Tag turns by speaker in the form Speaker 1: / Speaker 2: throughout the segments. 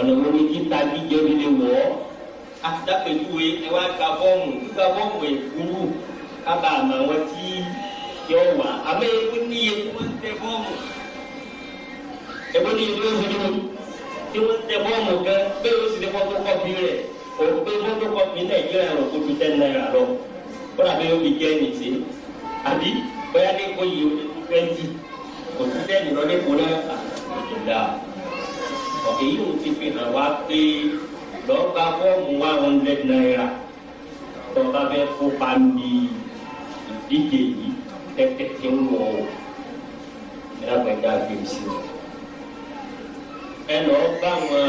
Speaker 1: ọ̀nà wo ni títa jíjẹ mi lè wọ̀ ọ́ àti dápẹ́júwe ẹ wá gba fọ́ọ̀mù gbígba fọ́ọ̀mù èkúrú kábà àmọ́ àwọn tí yọ wà àmọ́ ewu níye tí wọ́n ń tẹ fọ́ọ̀mù ewu níye tí wọ́n ń tẹ tí wọ́n ń tẹ fọ́ọ̀mù gan bẹ́ẹ̀ ó sì ní fọ́tò kọ́pì rẹ̀ òun pé fọ́tò kọ́pì nàìjíríà rẹ̀ kó ju ten náírà lọ kódà bẹ́ẹ̀ ó fi jẹ́ ẹ̀yìn sí àbí bóyá ní kó yìí ti twenty kò sí ten ìrọ̀lẹ́ kó náà àti èyí ò ti fi hàn wá pé lọ́ọ́gbà hundred naira lọ́ọ́gbà bẹ́ẹ̀ kópa ní ìdíje yìí tẹ́tẹ́ tí ń wọ̀ ọ́ ìdàgbẹ́dà gbèsè ẹ lọ́ọ́ bá wọn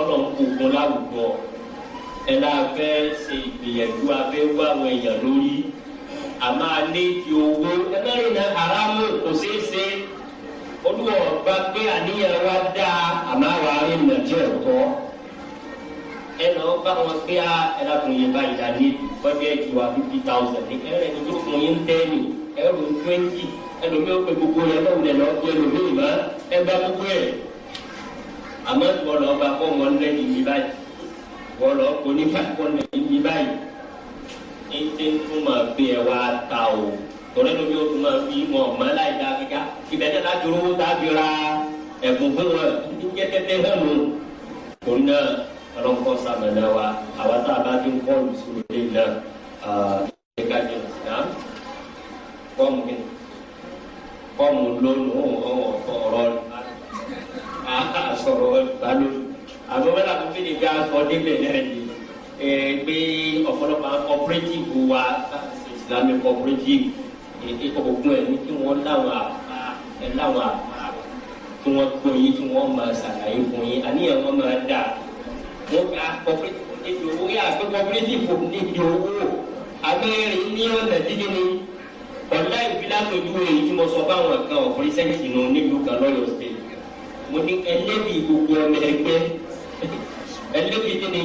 Speaker 1: ọlọ́nkùnkùn láwùjọ ẹ náà fẹ́ ṣe ìgbìyànjú abẹ́ wá àwọn èèyàn lórí àmọ́ alẹ́ ti owó ẹ bẹ́ẹ̀ ní haramu kò ṣeé olúwa ọba pé àníyàn wa dáa àmọ́ àwa rìn nàìjíríà ọ̀tọ̀ ẹnà ọba wọn pé a ẹlẹ́kùn yẹn báyìí dá ní bọ́jẹ́ẹ̀tì wa fifty thousand ní ẹ̀rẹ́ ní tó fún yín tẹ́ẹ̀nì ẹ̀rọ twenty ẹlòmíì ó pe gbogbo yẹn lọ́wọ́ lẹ̀ lọ́wọ́ pé ẹlòmíì má ẹgbẹ́ gbogbo ẹ̀ àmọ́ ìbọ̀lọ̀ ọba kọ́ wọn lẹ́yìn yìí báyìí ìbọ̀lọ̀ ọkọ̀ onífàkọ́ lẹ́yìn yìí báyìí ètè tó máa gbé torí ló bí o tún máa fi mọ̀ ọ̀mọ́ láì dáa kíkà ibẹ̀ tẹ́ta dúró dábì ra ẹ̀bùn fún wọn ní jẹ́tẹ́tẹ́ hàn mú. torí náà ọlọ́nkọ́ sàmẹ̀nà wa àwa tá a bá ti ń kọ́ lùsùn lè náà ẹ̀ ká jẹ kọ́mù kí kọ́mù lónìí ọ̀rọ̀ àsọ̀rọ̀ ìbálò àbọ̀ bẹ́ẹ̀ làwọn fi lè gbé aṣọ débẹ̀ náà ni pé ọ̀pọ̀lọpọ̀ cooperative wa islamic cooperative èdè ogun ẹ̀ ní kí wọ́n láwọn àpá ẹ̀ láwọn àpá kí wọ́n gbọ́ yín kí wọ́n máa ṣàlàyé fún yín àníyàn wọn máa dà wọ́n gba cooperative níbi owó yà pé cooperative níbi owó abẹ́rẹ́ ní ọ̀nà dídí ni ọ̀la ìfilá pẹ̀lú èyí tí mo sọ báwọn kan ọ̀pọ̀lọpọ̀ sẹ́yìn nù nílùú kan lọ́yọ̀ sí mo ní ẹlẹ́bi gbogbo ọmọ ẹgbẹ́ ẹlẹ́bi dídí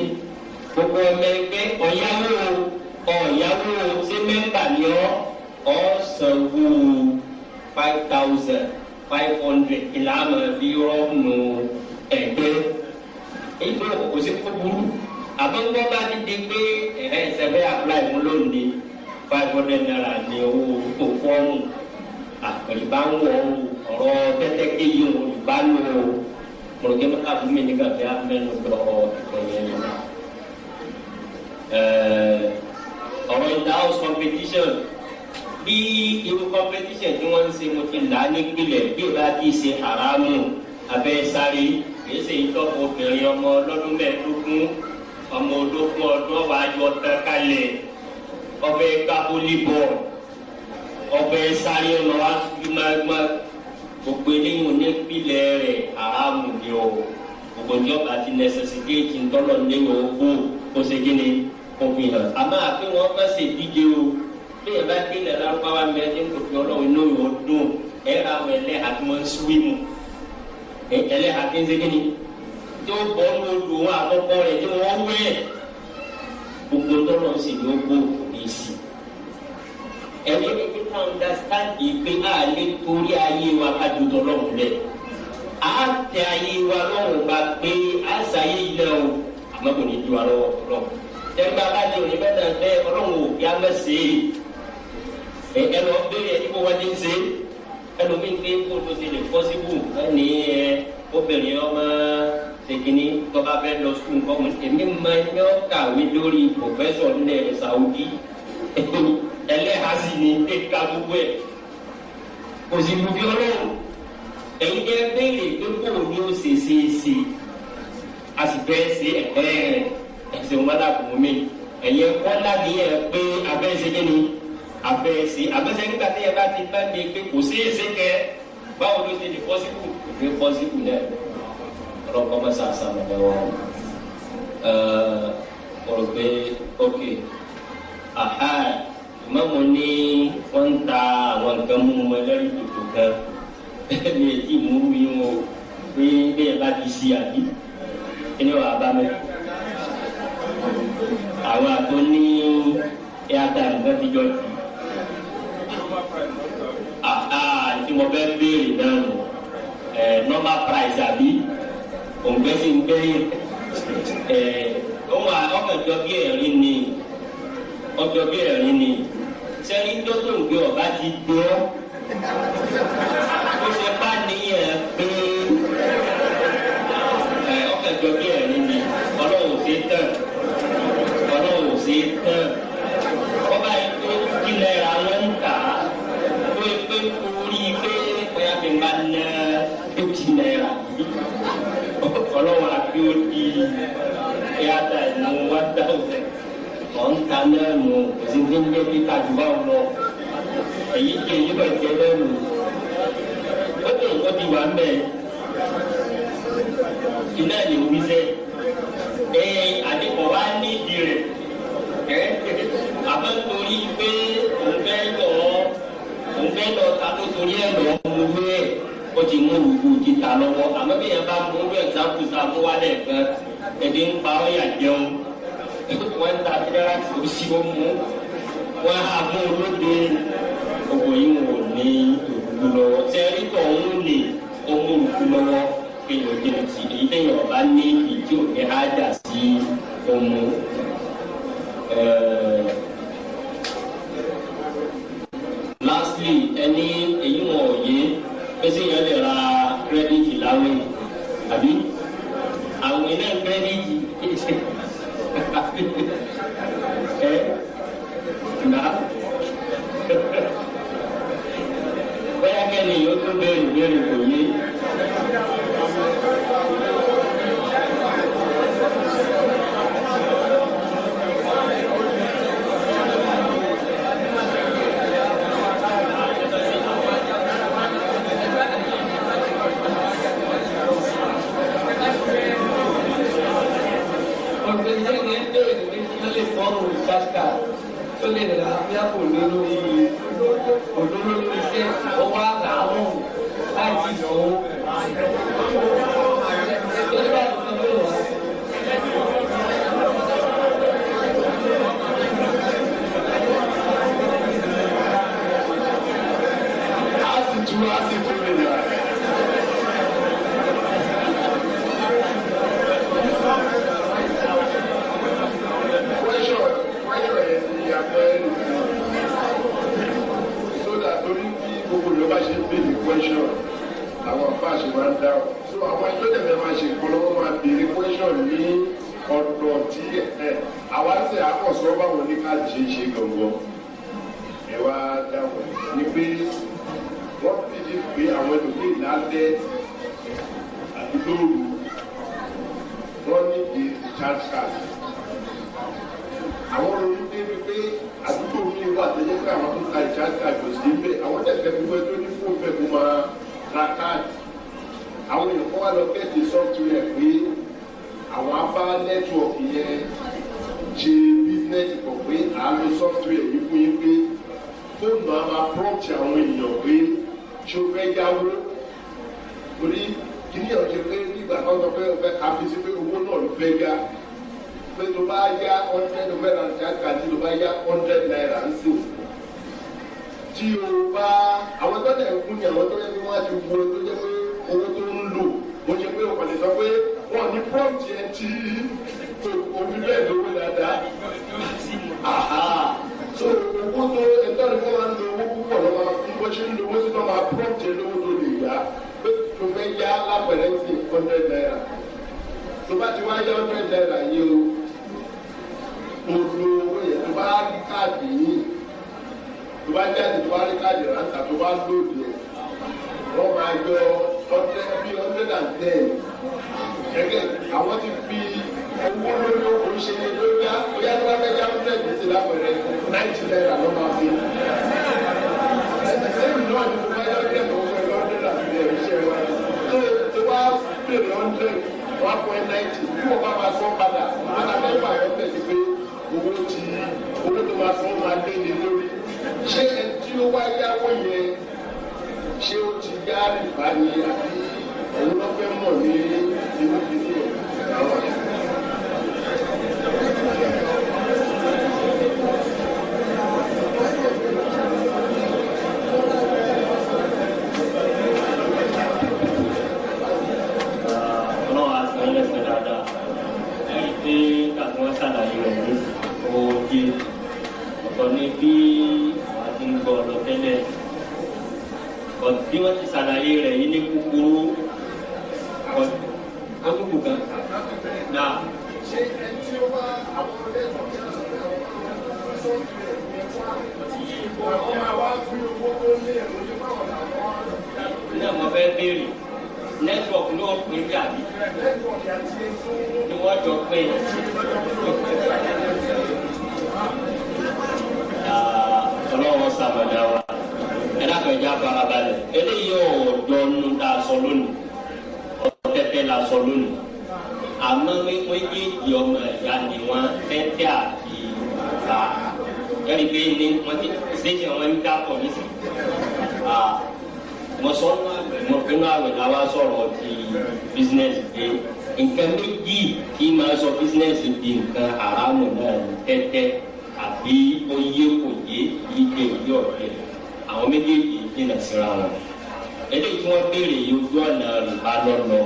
Speaker 1: gbogbo ọmọ ẹgbẹ́ ọ̀yáwó ọ̀yáwó ni ọ́ ọ̀sánwó five thousand five hundred ìlànà bí rọ́ọ̀nù ẹ̀gbẹ́ èyí tó kò sí kó burú àbẹ̀wò bá ti di pé ẹ̀rẹ́ ìṣẹ̀fẹ́ apply fún lónìí five hundred naira ní owó tó fọ́ọ̀mù àpèlébá ń wọ̀ ọ̀rọ̀ tẹ́tẹ́ kéye òun ìbálò mọ̀lùkẹ́ máa fún mi nígbà tí a mẹ́nu gbọ́ ìpínlẹ̀ yìí. ọ̀rọ̀ ìdáhùn competition bí irú competition tí wọ́n ń ṣe mo ti là á nípìnlẹ̀ bí ìbá ti ṣe haramu abẹ́ sáré kì í ṣe ìtọ́ obìnrin ọmọ ọlọ́dún mẹ́ẹ̀ẹ́dógún ọmọ ológun ọdún wa yọ tán kalẹ̀ ọbẹ̀ gbá volleyball ọbẹ̀ sáré lọ wá sí gbígbá gbogbo eléyìí ò ní pìlẹ̀ rẹ̀ haramu ni o gbogbo ní ọba ti necessitate ntọ́lọ̀ ní ìwé owó kó ṣe ni kó fi hàn àmọ́ àti wọn ṣe díje o bí ẹ bá dé ilẹ̀ lárúbáwá mi ẹ ti ń tòkí ọlọ́run inú yóò dùn ẹ ra àwọn ẹlẹ́hà tí wọ́n ń súwì mu ẹlẹ́hà tí ń segin ni tí wọ́n bọ́ ní odò wọn àkọ́kọ́ rẹ̀ tí wọ́n wẹ̀ gbogbo tọ́lọ̀ sì ni ó gbó èsì ẹ̀rí ẹni tí wọ́n understand pé a lè torí ayé wa ká ju tọ́lọ́run lẹ̀ a tẹ ayé wa lọ́rùn bá pé a ṣàyè ilẹ̀ o àmọ́ kò ní ju wa lọ́wọ́ tọ́lọ́run bá ti òní bẹ́ẹ̀ náà ọlọ́run ò yá mẹ́sẹ̀ẹ́ pé ẹ lọ bẹ̀rẹ̀ ibo wa ti ń ṣe ẹlòmíín pé kó tó ti lè pọ́sibú ẹni ẹ obìnrin ọmọ ṣèkínní tọ́ba fẹ́ lọ sùn kọ́mù èmi máa ń yọ kàwé lórí pòfẹ́sọ̀ nílẹ̀ Saudi ẹlẹ́hàsì ni ẹ̀ka gbogbo ẹ̀ kò sì mú bí ọlọ́run ẹ̀yin jẹ́ béèrè pé kó o ní o ṣe ṣe ṣe a sì fẹ́ ṣe ẹ̀kọ́ ẹ̀rẹ̀ ẹ̀sìn wọn lábùmí ẹ̀yẹ kọ́ lábìyẹ pé abẹ́ẹ̀sì àmọ́sẹ̀ nígbà tí ẹ bá ti bá mi pé kò sí èsè kẹ báwo ló ṣe lè pọ́sibú ìgbé pọ́sibú náà ọlọ́pàá ọmọ sàásà lọ́dọ̀ wọn ọ̀rọ̀ pé ok aha ìmọ̀mù ní wọ́n ń ta àwọn nǹkan mú wọn tuntun kan ẹ̀mí ẹ̀jì múrú yín o pé bí ẹ bá ti ṣe àbí ẹni wàá bá mi àwọn àtọ́ ní ẹ̀ ata nǹkan ti jọ jù. Ah, ah, tí mo fẹ́ béèrè náà nù ẹ eh, normal price àbí òǹgbẹ́ sì ń béèrè ẹ eh, ọmọ ọkànjọ bí ẹ̀rín ni ọjọ́ bí ẹ̀rín ni sẹ́yìn tó tó ń gbé ọba ti gbé náà nù kò sí kíkà jù bá wọn lọ èyí tó yí bẹ̀ jẹ́ lẹ́nu ó tó nǹkan ti wà ń bẹ̀ iná lè wí sẹ́ ẹ àdìpọ̀ wá ní ìdí rẹ̀ ẹ àmọ́ torí pé òun fẹ́ lọ òun fẹ́ lọ ta torí ẹ̀ lọ́wọ́ mo wé ó ti mú gbogbo títà lọ́wọ́ àmọ́ bí yẹn bá mú ẹ̀sáfùsà mú wálẹ̀ gan ẹ̀dín ń pa ọ́ yà jẹun wọ́n ta abidara tí ó sì wọ́n mú wọ́n á mú olóde ọ̀pọ̀ yìí wò ní òkú lọ́wọ́ sẹ́rí tó ń lè ọmọ òkú lọ́wọ́ kéèyàn jẹun sí èyí tẹ̀yìn ọ̀bá ní ìdí òkè ájà sí ọmọ ṣáṣíkà tó lè rà bíá lórí òdòdó lórí iṣẹ́ ọwọ́ àtàwọn láì sí ìṣòwò.
Speaker 2: dá o so àwọn ẹjọ́ tẹ̀fẹ́ máa ṣe ìpolówó máa béèrè question ní ọ̀dọ̀ tí ẹ̀ àwa ṣe àkọsọ́ báwo ní ká ṣe ṣe gbọ̀ngàn ẹ wá dáhùn ni pé wọ́n ti di pé àwọn ẹlòmíì lálẹ́ àti lóru wọ́n ní di charge card àwọn olórí débi pé àdúgbò mi wà tẹ́lẹ̀ pé àwọn tó ta ìcharge kò sí bẹ́ẹ̀ àwọn tẹ̀fẹ́ gbogbo ẹjọ́ ní fóònù bẹ́ẹ̀ kó máa ra káàdì àwọn èèyàn kan wá lọ bẹ́ẹ̀ di software pé àwọn abá network yẹn ṣe business pọ̀ pé à ń lo software yìí fún yín pé fóònù á máa prompt àwọn èèyàn pé ṣé o fẹ́ yáwó torí kìíní ọ̀jẹ̀ pé nígbà kan sọ pé ọ̀fẹ́ àfisí pé owó náà ló fẹ́ yá pé tó bá yá hundred naira ṣáàkàtì tó bá yá hundred naira ń sìn tí o bá àwọn tó ń mo ṣe pé ọkọ̀ lè sọ pé wọ́n ní prompt yẹn tí òfin bẹ́ẹ̀ lówó dáadáa. so owó tó ẹ̀tọ́ ni wọ́n máa ń lo owó púpọ̀ lọ́wọ́ fún bó ṣe ń lo owó sí náà máa prompt yẹn lówó tó lè yá pé tó fẹ́ yá lápẹ̀rẹ́ sí hundred naira tó bá ti wá yá hundred naira yìí o mo lo owó yẹn tó bá rí káàdì yìí tó bá jáde tó bá rí káàdì rántà tó bá lòdì ẹ̀ máa yọ ọ́ ọdẹ bíi ọdẹ dà dẹ gẹ́gẹ́ àwọn ti fi owó lórí oríṣiríṣi lórí dá bóyá tó bá fẹ́ já ọdẹ gbèsè lápẹrẹ náìtì náírà ló máa fi ẹsẹ sẹ́yìn náà ni mo bá yọ ọdẹ tó fẹ́ lọdẹ dà dẹ iṣẹ́ wa tó tó wá bèrè ọdẹ wá fún ẹ náìtì kí wọn bá máa sọ padà wọn náà fẹ́ fà yọ ọdẹ ti pé owó ti owó tó máa sọ máa dé ní lórí ṣé ẹ tí ó wá yáwó yẹn ṣé ó ti gá àlùbá ni àbí òun ló mọ̀ ní inú bíbí ẹ̀.
Speaker 1: pín bí àbí ni wọ́n jọ pín ọlọ́wọ́ sàmàdà wa ẹ dákun ẹja farabalẹ̀ eléyìí ọ̀dọ́ nu ta sọ lónìí ọ̀tẹ̀tẹ̀ la sọ lónìí àmọ́ wípé yéèjì ọmọ ẹ̀yà ni wọ́n tẹ́tẹ́ àti ìgbà yẹ́nì pé ní wọ́n ti ṣéjì wọn ń dákọ̀ nísìnyí wọ́n sọ wọn mo inú àwẹ̀ la wá sọ̀rọ̀ ti business pé nǹkan méjì kí máa sọ business di nǹkan àrámù náà ní tẹ́tẹ́ àbí oyé kò yé yíyé yí ọ̀rẹ́ àwọn méjèèjì jìnnà síra wọn eléyìí tí wọ́n béèrè yìí ojú ọ̀nà rìbá lọ́lọ́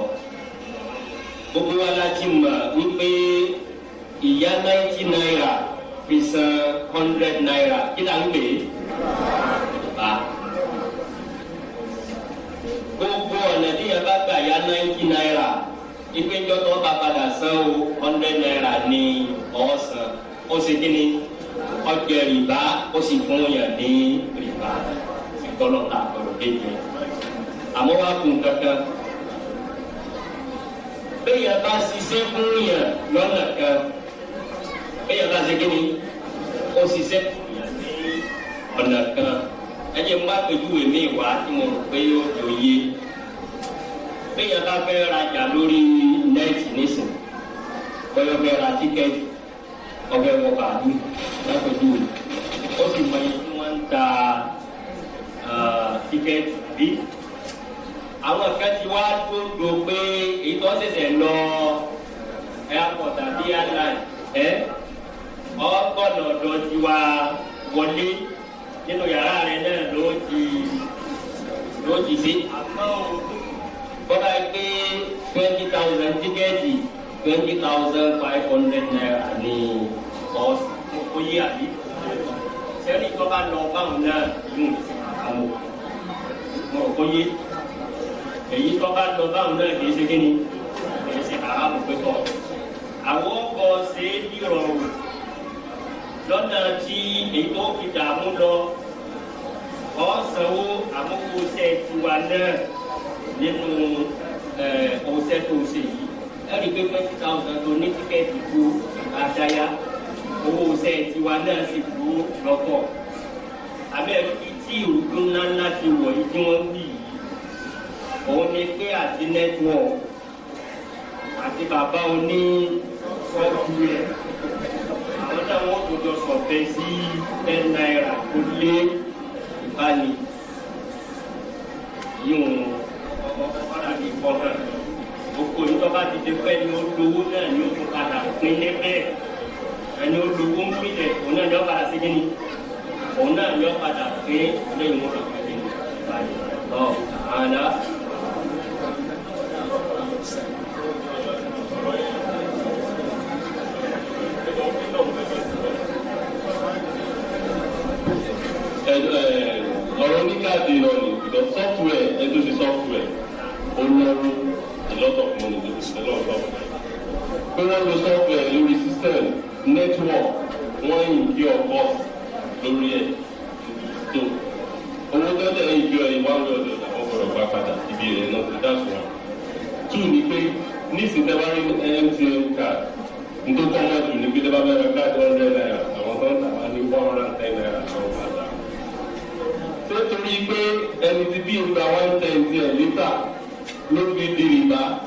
Speaker 1: gbogbo wa láti mọ̀ wípé ìyá náírà náírà fi san hundred naira kí là ń pè twenty naira ìpéjọ tó bá padà san o hundred naira ní ọ̀sán ó sì kí ni ọjọ́ rìbá ó sì fún yàn ní rìbá ìtọ́lọ́ta ọ̀rọ̀ kéde àmọ́ wá kún kankan bẹ́ẹ̀ bá ṣiṣẹ́ fún yàn lọ́nà kan bẹ́ẹ̀ bá ṣe kí ni ó ṣiṣẹ́ fún yàn ní ọ̀nà kan ẹ jẹ́ mú àpèjúwe mi wá tí mo rò pé yóò yẹ bẹ́ẹ̀ bá fẹ́ rajà lórí nẹ́ẹ̀tì nísìn bẹ́ẹ̀ fẹ́ ra tíkẹ́ẹ̀tì ọbẹ̀ wọ bàálù lápẹ̀jù ó sì mọ iye tí wọ́n ń ta tíkẹ́ẹ̀tì bí. àwọn kan ti wá tó do pé èyí tó ṣẹ̀ṣẹ̀ lọ airport àbí airline ẹ̀ ọgbọ́n ọ̀dọ́ ti wá wọlé nínú yàrá rẹ̀ náà ló ti ló ti dé àmọ́ òun tó bọ́dà pé twenty thousand tíkẹ́ẹ̀tì twenty thousand five hundred naira ní ọ̀sán ó yé àbí sẹ́ni tó bá lọ báwọn náà yóò lè sèkà àwọn mọ̀ ó yé èyí tó bá lọ báwọn náà kì í ṣe kí ni kì í ṣe àràbò pẹ́tọ́ àwọn ọkọ̀ ṣe é bí rọrùn lọ́nà tí èyí tó fi dààmú lọ ọ̀sán wo àmúkú sẹ́ẹ̀ tiwa náà nínú ọ̀sẹ̀ eh, tó ṣe yìí ẹ̀rí pé twenty thousand tó ní tíkẹ́ẹ̀tì kú àdáyá owó ọ̀sẹ̀ tiwa náà sì kú lọ́pọ̀ abẹ́rẹ́ tí ìrùkún ńláńlá ti wọ̀ yìí tí wọ́n wí yìí òun ni pé àti network àti bàbá oní sọ́ọ̀tù rẹ̀ àwọn náà kọ̀ọ̀kan gbogbo ìjọba ti ti pẹ́ ní olówó náà ni ó tún padà pín ní bẹ́ẹ̀ ẹni olówó ń pilẹ̀ òun náà yọ padà sí kíni òun náà yọ padà pín lẹ́yìn wọn kàkàdé ní ìbàdàn ọ̀ àná. a lot of money they will sell on top of that. Bẹ́ẹ̀ ló software lórí system network wọ́n ń kí ọ bọ́ lórí ẹ̀ tó owó tẹ́tẹ̀ ń kí ọ ní one way or the other wọ́n gbọ́dọ̀ gbà padà ibi rẹ̀ náà ti dáṣọ wọn. two ni pé níìsì dábàá rí MTN card nítorí tó wọ́n jù ní pé dábàá bẹ́ẹ̀ ká one hundred naira àwọn tó ń tà wá ní one hundred and ten naira àwọn padà. ṣé torí pé ẹni tí bí ìgbà one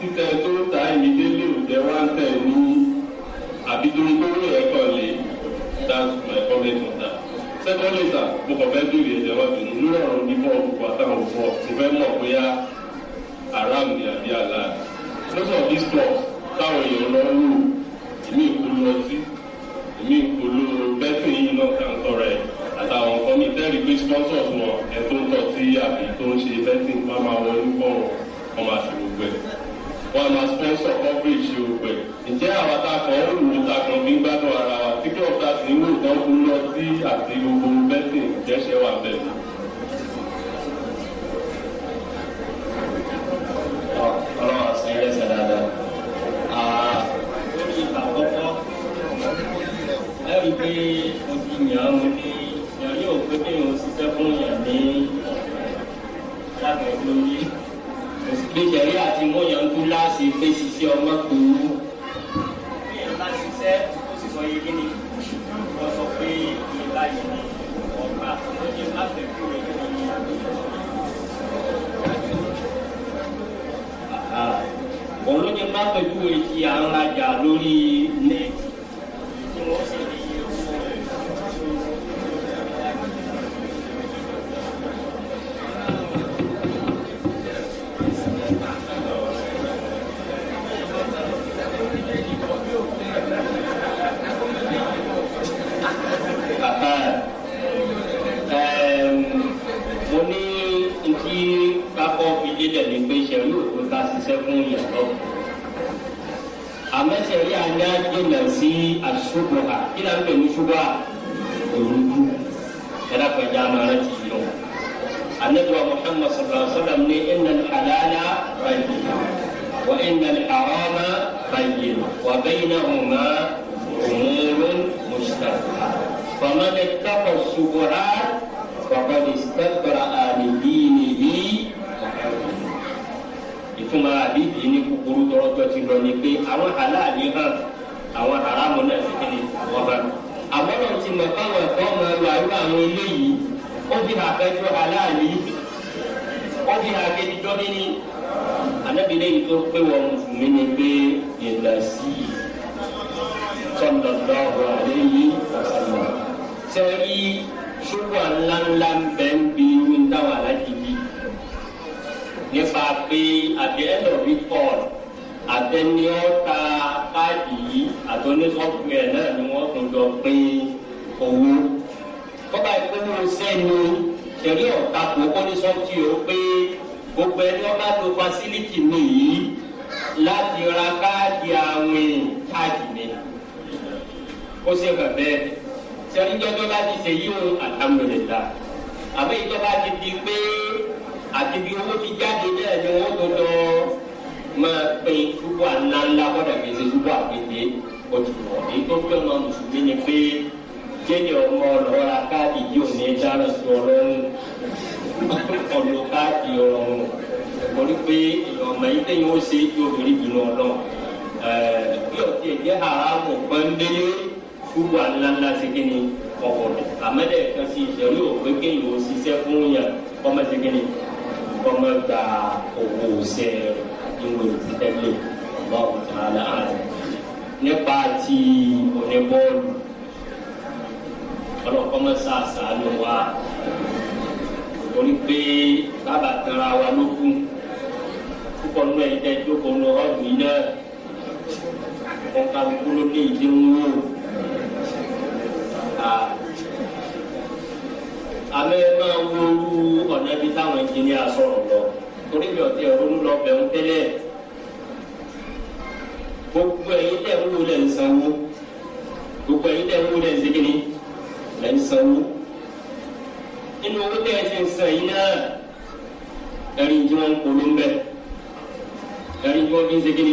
Speaker 2: títẹ tó ta ìmìdé lè jẹ́ wá ń tẹ̀ ní àbí torí tó rí ẹ̀kọ́ lè that's my comment on that.
Speaker 1: second later mo kàn fẹ́ béèrè ẹ̀jẹ̀ wá bínú lórí ọ̀rọ̀ ní bọ́ọ̀lù àtàwọn òfò mo fẹ́ mọ̀ bóyá aram ni àbí àlá most of these táwọn èèyàn lọ ń àti gbogbo mẹ́sìn jẹ́sẹ̀ wà bẹ́ẹ̀. ọlọ́run àti ẹlẹ́sẹ̀ dáadáa. lórí àkọ́kọ́ ẹ̀rí pé ojú yàn án ní yàn yóò pé kéèyàn ṣiṣẹ́ fún yàn ní lábẹ́ lórí. òsì gbèsè rí àti mọ́yàn ń kú láàṣì fèsì sí ọmọ kúrú. 阳来阳了，你。ṣẹ̀rí àná jìnnà sí àṣùbọ̀hà kí náà ń pè ní ṣùgbọ́n òrùkú ẹ̀rọ pẹ̀já máa rántí yìí lọ. النبي محمد صلى الله عليه وسلم إن الحلال بين وإن الحرام بين وبينهما أمور مشتبهة فمن اتقى الشبهات فقد استبرأ لدينه ìtumọ̀ àdìsí ní kúkúrú tọ́rọ́tọ́ ti lọ ni pé àwọn aláàbí hàn àwọn haramu náà sì kéde wọ́n hàn. àwọn náà ti mọ̀ káwọn ẹ̀kọ́ máa lo àyọ̀ àwọn eléyìí ó fi hàn kẹjọ aláàbí ó fi hàn kẹjọ níní. ànábi lẹ́yìn tó pé wọn mùsùlùmí ni pé ìlà sí i sọ̀dọ̀ lọ́wọ́ àléyìn ọ̀sán. sẹ́yìn ṣùgbọ́n ńláńlá bẹ́ẹ̀ ń bi nípa pé àbí ẹ̀dọ̀ rí àtẹni ọ̀ta káàdì yìí àtọ́nísọ́fùwẹ̀ náà ni wọ́n tún jọ pín owó. kọ́ba ìpinnu sẹ́ni ṣẹ̀rí ọ̀ta kò kọ́nísọ́fùtì ó pé gbogbo ẹni ọba tó fasiliti mi yìí láti ra káàdì àwìn káàdì mi. ó ṣe bàbẹ́ sẹ́ni jọjọ́ bá ṣe yí o àbẹ́yìí tó bá ti di pé àti bí owó ti jáde náà ni wọ́n gbọdọ̀ máa pe túbọ̀ ànáńlá kọ́dà kìí ṣe túbọ̀ àgbègbè òtùwọ̀ èyí tó fi ọmọ mùsùlùmí ni pé jẹ́ni ọmọ ọlọ́ra káàdì yìí ò ní dáná sí ọlọ́run ọ̀lọ́ káàdì ọ̀run torí pé ọmọ yìí tẹ̀yìn ó ṣe é obìnrin jùlọ ọlọ́run bí ọtí ẹ̀jẹ̀ haramu pọ́ńdélé túbọ̀ ànáńlá ṣe kí ni ọkọ̀ rẹ̀ àmọ́dẹ̀ kan sí ìṣẹ̀lú òpin kéèyàn ó ṣiṣẹ́ fún yàn ọmọ ṣe kí máa gba owó iṣẹ́ irú ètí tẹ́lẹ̀ ọba òkúta aláàrẹ nípa ti oníbọ́ọ̀lù ọlọ́kọ́mọ́ sàṣà ló wá torí pé bàbá tanra wa ló kún púpọ̀ nínú ẹ̀yìn tẹ́ jókòó nínú ọ̀dùn yìí náà wọ́n ká kúló ní ìdí ń àmọ́ ẹ ọ̀nà ibi táwọn ẹnjìníà sọ̀rọ̀ lọ torí mi ò tiẹ̀ ronú lọ bẹ̀rù tẹ́lẹ̀ gbogbo ẹ̀yin tẹ̀ ń wò lẹ̀ ń sanwó gbogbo ẹ̀yin tẹ̀ ń wò lẹ̀ ń segin lẹ̀ ń sanwó nínú owó tẹ̀ ẹ ti ń san yín náà ẹ̀rín tí wọ́n ń polú ń bẹ̀ ẹ̀rín tí wọ́n fi ń segin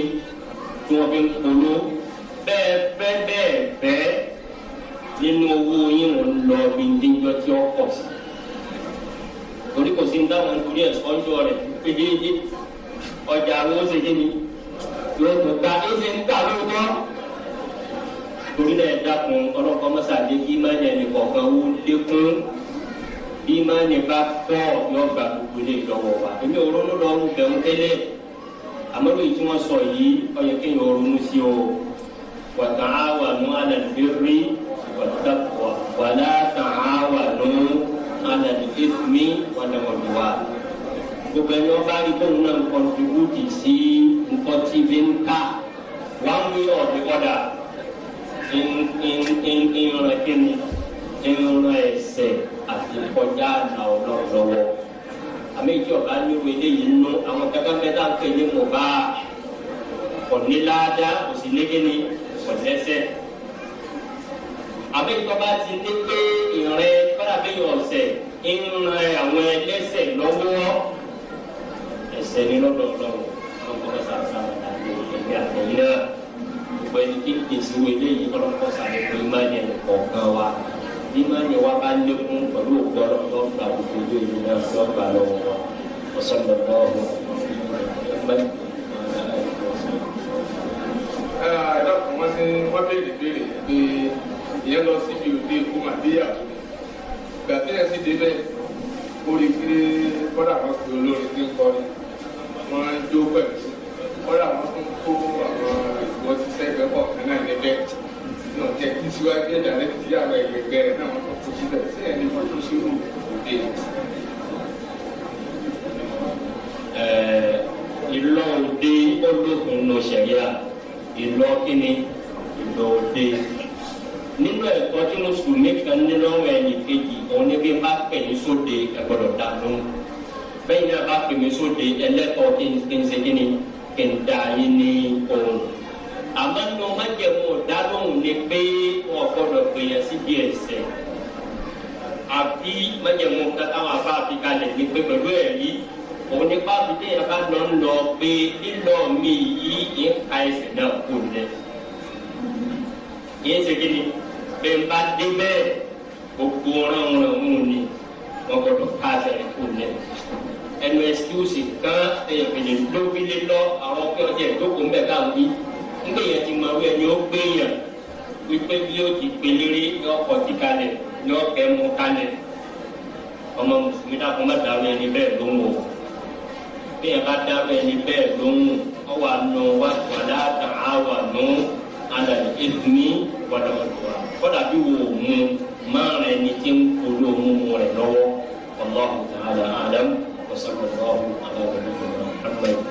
Speaker 1: tí wọ́n fi ń polú bẹ́ẹ̀ bẹ́ẹ̀ bẹ́ẹ̀ bẹ́ẹ̀ nínú owó yín ò ń lọ bí déjọ́ tí ó pọ̀ sí torí kò sí ní táwọn torí ẹ̀ sọ́jọ́ rẹ̀ pé déédéé ọjà àwọn ṣe kí ni yóò tó gba ó ṣe ń gbà lóòótọ́ torí náà ẹ dákun ọlọ́kọ́ mọ́sàdé kí má ní ẹnì kọ̀ọ̀kan ó lékún bí má ní bá pọ̀ yóò gbogbo ilé ìlọ́wọ́ wa èmi ò ronú lọ rú bẹ̀rù tẹ́lẹ̀ àmọ́ lóyún tí wọ́n sọ yìí ó yẹ kéèyàn sí o wàtà áwà nù alẹ́ nù. ẹni tí kì í sí wo eléyìí ọlọ́kọ́ sàlékún ìmánìyà kọ̀ọ̀kan wa ìmánìyà wa bá lékún pẹ̀lú òkú ọlọ́kọ́ gba gbogbo ojú ìlú náà fi ọgbà lọ́wọ́ wa ọ̀sán lọ́wọ́ wa.
Speaker 2: ẹ̀ẹ́dàkùn wọ́n ti wọ́n béèrè béèrè pé ìyẹn lọ síbi òde ikú màdéyàwó gbàtí ẹ̀ sì débẹ̀ ó rí pé kọ́dà kan sí olórin tí ń kọrin wọ́n á jó pẹ̀lú. síwájú ẹ̀dá rẹ̀ ti àwọn ẹgbẹ̀gbẹ̀ rẹ̀ náà wọ́n tó kó síbẹ̀ sí
Speaker 1: ẹni wọ́n tó ṣe òun òde. ìlọ òde olókun ló ṣẹ̀yà ìlọ kíni ìlọ òde. nínú ẹ̀kọ́ tí mùsùlùmí kan ní lọ́wọ́ ẹnì kejì òun ní bí bá pè ní sóde ẹ̀gbọ́dọ̀ dá lóhùn. bẹ́ẹ̀ ni a bá pè mí sóde ẹlẹ́tọ̀ọ́ kí n ṣe kíni kí n dá yín ní òun àmọ́ ní ọmọ
Speaker 2: jẹ̀mú ọ̀dálóhùn ni pé wọn gbọ́dọ̀ gbìyàn sí bí ẹsẹ̀ àbí mọ̀jẹ̀mú káwọn afá fi kalẹ̀ ní pé pẹ̀lú ẹ̀rí òun ní bá bìtẹ́ yẹn bá lọ ń lọ pé lílọ mi yìí yìí ń ka ẹsẹ̀ náà kú lẹ̀
Speaker 1: yìí ń segin ni bẹ́ẹ̀ bá dé bẹ́ẹ̀ gbogbo ọ̀ràn ọ̀ràn òun ni wọn gbọ́dọ̀ ká ẹsẹ̀ kú lẹ̀ ẹnu ẹsikiusi kan ẹyẹ fèlè lóbi lé lọ àwọn ọkọ ọjà ìdókòó mbẹ káwọn nígbà yẹn ti mọ̀ wíwẹ̀ ni ó gbé yàn wípé bí ó ti pelére yọ ọkọ̀ ti kalẹ̀ yọ ọkẹ́ mu kalẹ̀ ọmọ mùsùlùmí dàpọ̀ má dàrú ẹni bẹ́ẹ̀ ló ń wò bí yẹn bá dàrú ẹni bẹ́ẹ̀ ló ń wò ọ wà nù wà wàlá tà á wà nù alàlẹ́ ẹ̀dùnmí wàlá wàlúwà kọ́dà bí wò ó mu márùn ẹni tí ń polú òmùmù rẹ̀ lọ́wọ́ ọlọ́run tààlà àdám ọ̀sán lọ́wọ́ àwọn ọ̀rẹ́